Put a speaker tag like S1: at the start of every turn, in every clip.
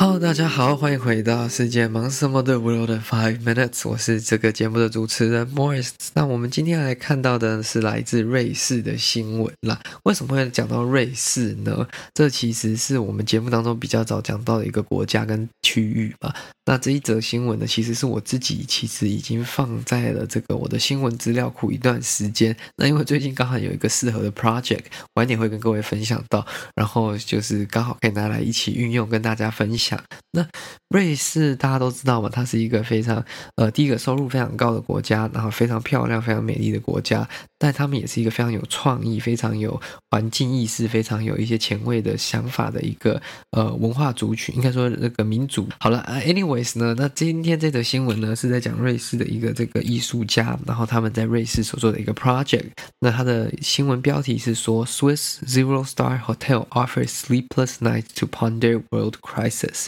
S1: Hello，大家好，歡迎回到世界忙什麼的 world five minutes，我是這個節目的主持人 Morris。那我們今天來看到的是來自瑞士的新聞啦。為什麼會講到瑞士呢？這其實是我們節目當中比較早講到的一個國家跟區域吧。那這一則新聞呢，其實是我自己其實已經放在了這個我的新聞資料庫一段時間。那因為最近剛好有一個適合的 project，晚點會跟各位分享到，然後就是剛好可以拿來一起運用跟大家分享。那瑞士大家都知道嘛，它是一個非常呃第一個收入非常高的國家，然後非常漂亮、非常美麗的國家，但他們也是一個非常有創意、非常有環境意識、非常有一些前衛的想法的一個呃文化族群，應該說那個民族。好了，啊，anyways 呢，那今天這則新聞呢是在講瑞士的一個這個藝術家，然後他們在瑞士所做的一個 project。那他的新聞標題是說，Swiss Zero Star Hotel offers sleepless nights to ponder world crisis。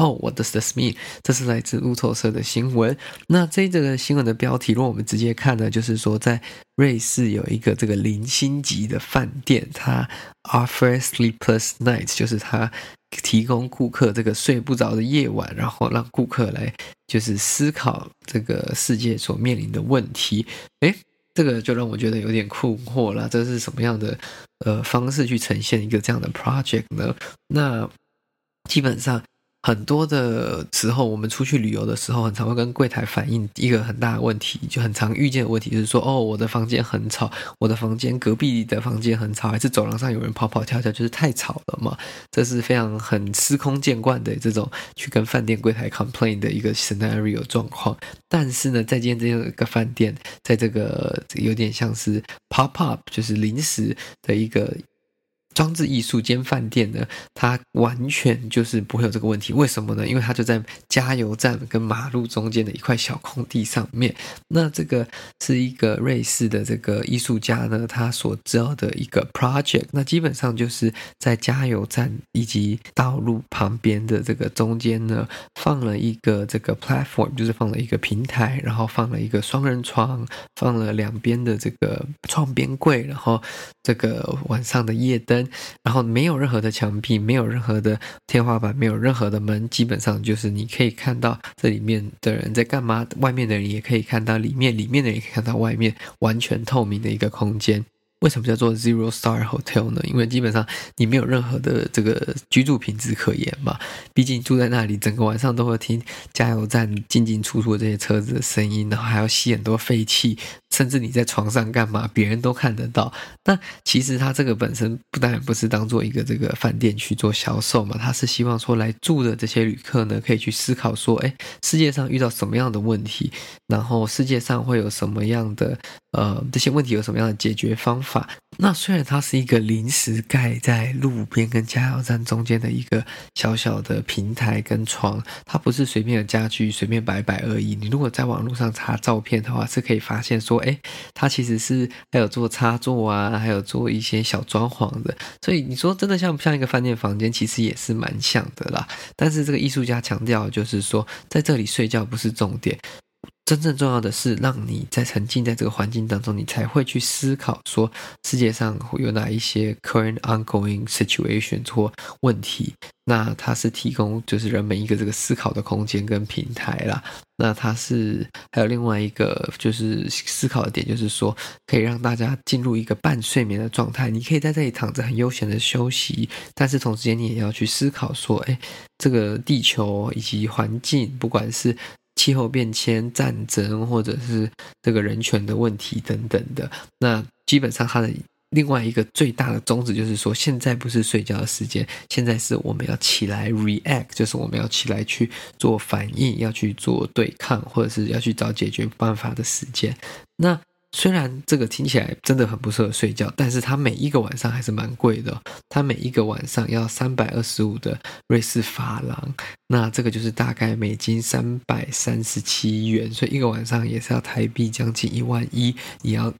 S1: 哦、oh, what does this mean? 這是來自路透社的新聞。那這個新聞的標題，如果我們直接看呢，就是說在瑞士有一個這個零星級的飯店，它 offer sleepless nights，就是它提供顧客這個睡不着的夜晚，然後讓顧客來就是思考這個世界所面臨的問題。誒，這個就讓我覺得有點困惑了。這是什麼樣的呃方式去呈現一個這樣的 project 呢？那基本上，很多的時候，我們出去旅遊的時候，很常會跟櫃檯反映一個很大的問題，就很常遇見的問題就是說，哦，我的房間很吵，我的房間隔壁的房間很吵，還是走廊上有人跑跑跳跳，就是太吵了嘛。這是非常很司空見慣的這種去跟飯店櫃檯 complain 的一個 scenario 狀況。但是呢，在今天這樣一個飯店，在、這個、這個有點像是 pop up，就是臨時的一個。裝置藝術兼飯店呢，它完全就是不會有這個問題。為什麼呢？因為它就在加油站跟馬路中間的一塊小空地上面。那這個是一個瑞士的這個藝術家呢，他所知道的一個 project。那基本上就是在加油站以及道路旁邊的這個中間呢，放了一個這個 platform，就是放了一個平台，然後放了一個雙人床，放了兩邊的這個床邊櫃，然後這個晚上的夜燈。然後沒有任何的牆壁，沒有任何的天花板，沒有任何的門，基本上就是你可以看到這裡面的人在幹嘛，外面的人也可以看到裡面，裡面的人也可以看到外面，完全透明的一個空間。為什麼叫做 Zero Star Hotel 呢？因為基本上你沒有任何的這個居住品質可言嘛。畢竟住在那裡，整個晚上都會聽加油站進進出出的這些車子的聲音，然後還要吸很多廢氣，甚至你在床上幹嘛，別人都看得到。那其實他這個本身不但不是當做一個這個飯店去做銷售嘛，他是希望說來住的這些旅客呢，可以去思考說，哎，世界上遇到什麼樣的問題，然後世界上會有什麼樣的呃這些問題有什麼樣的解決方法。法那雖然它是一個臨時蓋在路邊跟加油站中間的一個小小的平台跟床，它不是隨便的家具隨便擺擺而已。你如果在網絡上查照片的話，是可以發現說，誒、欸，它其實是還有做插座啊，還有做一些小裝潢的。所以你說真的像不像一個飯店房間，其實也是蠻像的啦。但是這個藝術家強調就是說，在這裡睡覺不是重點。真正重要的是，讓你在沉浸在這個環境當中，你才會去思考說世界上有哪一些 current ongoing situation 或問題。那它是提供就是人們一個這個思考的空間跟平台啦。那它是還有另外一個就是思考的點，就是說可以讓大家進入一個半睡眠的狀態，你可以在這裡躺着很悠閒的休息，但是同時間你也要去思考說，哎、欸，這個地球以及環境，不管是，氣候變遷、戰爭，或者是這個人權的問題等等的，那基本上它的另外一個最大的宗旨就是說，現在不是睡覺的時間，現在是我們要起來 react，就是我們要起來去做反應，要去做對抗，或者是要去找解決辦法的時間。那雖然這個聽起來真的很不適合睡覺，但是它每一個晚上還是蠻貴的哦。它每一個晚上要三百二十五的瑞士法郎，那這個就是大概美金三百三十七元，所以一個晚上也是要台幣將近一萬一。你要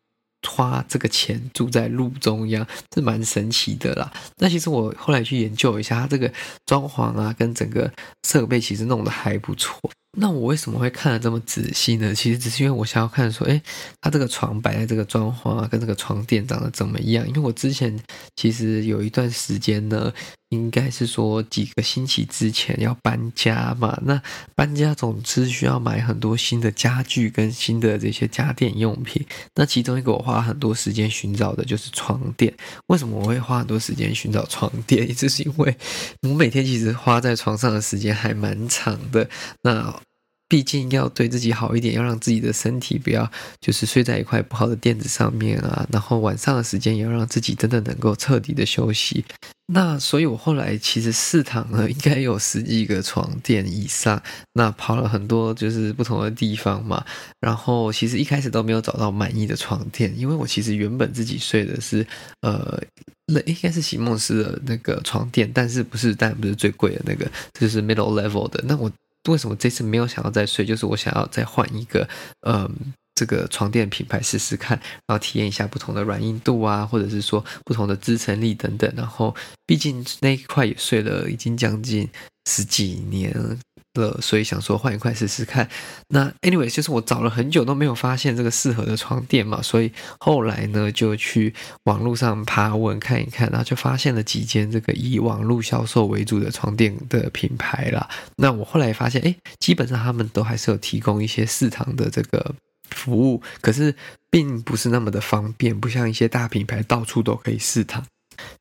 S1: 花這個錢住在路中央，是蠻神奇的啦。那其實我後來去研究一下，它這個裝潢啊，跟整個設備其實弄得還不錯。那我為什麼會看的這麼仔細呢？其實只是因為我想要看說，誒、欸，他這個床擺在這個裝潢、啊、跟這個床墊長得怎麼樣？因為我之前其實有一段時間呢。應該是說幾個星期之前要搬家嘛，那搬家總之需要買很多新的家具跟新的這些家電用品。那其中一個我花很多時間尋找的就是床墊。為什麼我會花很多時間尋找床墊？這，就是因為我每天其實花在床上的時間還蠻長的。那畢竟要對自己好一點，要讓自己的身體不要就是睡在一塊不好的墊子上面啊。然後晚上的時間也要讓自己真的能夠徹底的休息。那所以，我後來其實試躺了，應該有十幾個床墊以上。那跑了很多就是不同的地方嘛。然後其實一開始都沒有找到滿意的床墊，因為我其實原本自己睡的是呃，那應該是席夢思的那個床墊，但是不是，但不是最貴的那個，就是 middle level 的。那我為什麼這次沒有想要再睡，就是我想要再換一個，嗯、呃。這個床墊品牌試試看，然後體驗一下不同的軟硬度啊，或者是說不同的支撐力等等。然後，畢竟那一塊也睡了已經將近十幾年了，所以想說換一塊試試看。那 anyway，就是我找了很久都沒有發現這個適合的床墊嘛，所以後來呢就去網絡上爬文看一看，然後就發現了幾間這個以網絡銷售為主的床墊的品牌啦。那我後來也發現，哎，基本上他們都還是有提供一些試躺的這個。服務可是並不是那麼的方便，不像一些大品牌到處都可以試躺。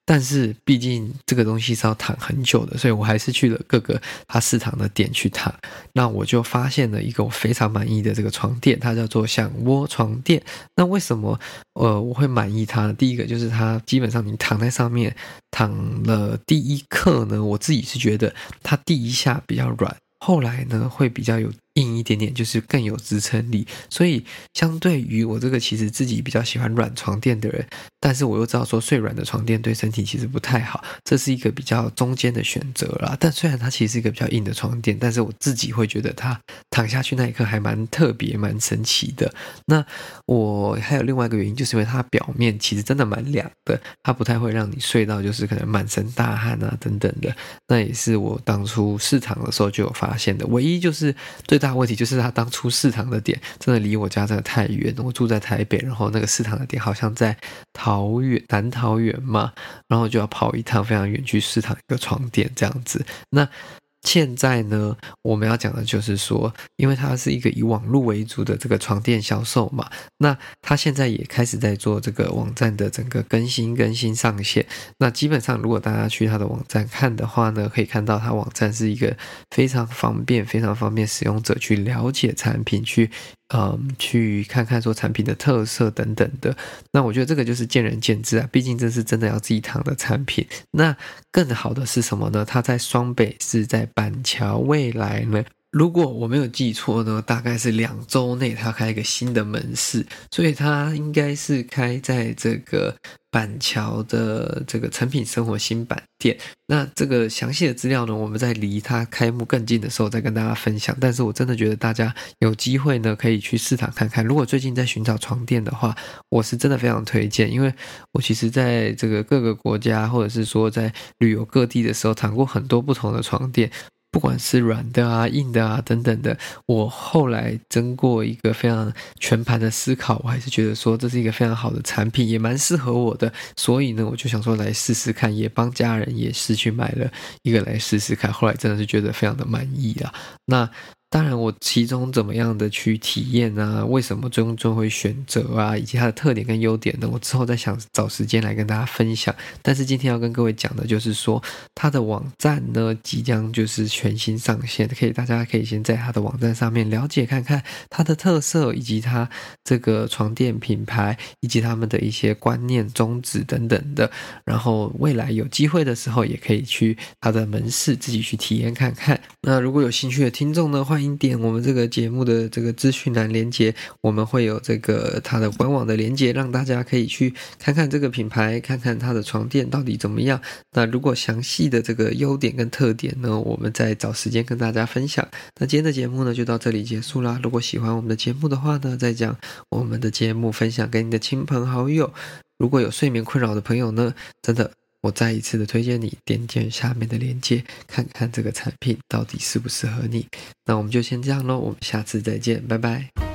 S1: 但是畢竟這個東西是要躺很久的，所以我還是去了各個它試躺的店去躺。那我就發現了一個我非常滿意的這個床墊，它叫做想窩床墊。那為什麼呃我會滿意它呢？第一個就是它基本上你躺在上面躺了第一刻呢，我自己是覺得它第一下比較軟，後來呢會比較有。硬一點點就是更有支撐力，所以相對於我這個其實自己比較喜歡軟床墊的人，但是我又知道說睡軟的床墊對身體其實不太好，這是一個比較中間的選擇啦。但雖然它其實是一個比較硬的床墊，但是我自己會覺得它躺下去那一刻還蠻特別、蠻神奇的。那我還有另外一個原因，就是因為它表面其實真的蠻涼的，它不太會讓你睡到就是可能滿身大汗啊等等的。那也是我當初試躺的時候就有發現的。唯一就是對。問題就是他當初試躺的點真的離我家真的太遠，我住在台北，然後那個試躺的點好像在桃園，南桃園嘛，然後就要跑一趟非常遠去試躺一個床墊這樣子，那。現在呢，我們要講的就是說，因為它是一個以網絡為主的這個床墊銷售嘛,那它現在也開始在做這個網站的整個更新，更新上線。那基本上，如果大家去它的網站看的話呢，可以看到它網站是一個非常方便，非常方便使用者去了解產品去，嗯，去看看說產品的特色等等的，那我覺得這個就是見仁見智啊。畢竟這是真的要自己躺的產品，那更好的是什麼呢？它在雙北是在板橋，未來呢？如果我沒有記錯呢，大概是兩周內他開一個新的門市，所以他應該是開在這個板橋的這個誠品生活新板店。那這個詳細的資料呢，我們在離他開幕更近的時候再跟大家分享。但是我真的覺得大家有機會呢，可以去試躺看看。如果最近在尋找床墊的話，我是真的非常推薦，因為我其實在這個各個國家，或者是說在旅遊各地的時候，躺過很多不同的床墊。不管是軟的啊、硬的啊等等的，我後來經過一個非常全盤的思考，我還是覺得說這是一個非常好的產品，也蠻適合我的，所以呢，我就想說來試試看，也幫家人也是去買了一個來試試看，後來真的是覺得非常的滿意啊。那。當然，我其中怎麼樣的去體驗啊？為什麼最終最後會選擇啊？以及它的特點跟優點呢？我之後再想找時間來跟大家分享。但是今天要跟各位講的就是說，它的網站呢，即將就是全新上線，可以大家可以先在它的網站上面了解看看它的特色，以及它這個床墊品牌以及他們的一些觀念宗旨等等的。然後未來有機會的時候，也可以去它的門市自己去體驗看看。那如果有興趣的聽眾呢，歡迎。歡迎點我們這個節目的這個資訊欄連接，我們會有這個它的官網的連接，讓大家可以去看看這個品牌，看看它的床墊到底怎麼樣。那如果詳細的這個優點跟特點呢，我們再找時間跟大家分享。那今天的節目呢，就到這裡結束啦。如果喜歡我們的節目的話呢，再將我們的節目分享給你的親朋好友。如果有睡眠困擾的朋友呢，真的。我再一次的推薦你點進下面的鏈接，看看這個產品到底適不適合你。那我們就先這樣嘍，我們下次再見，拜拜。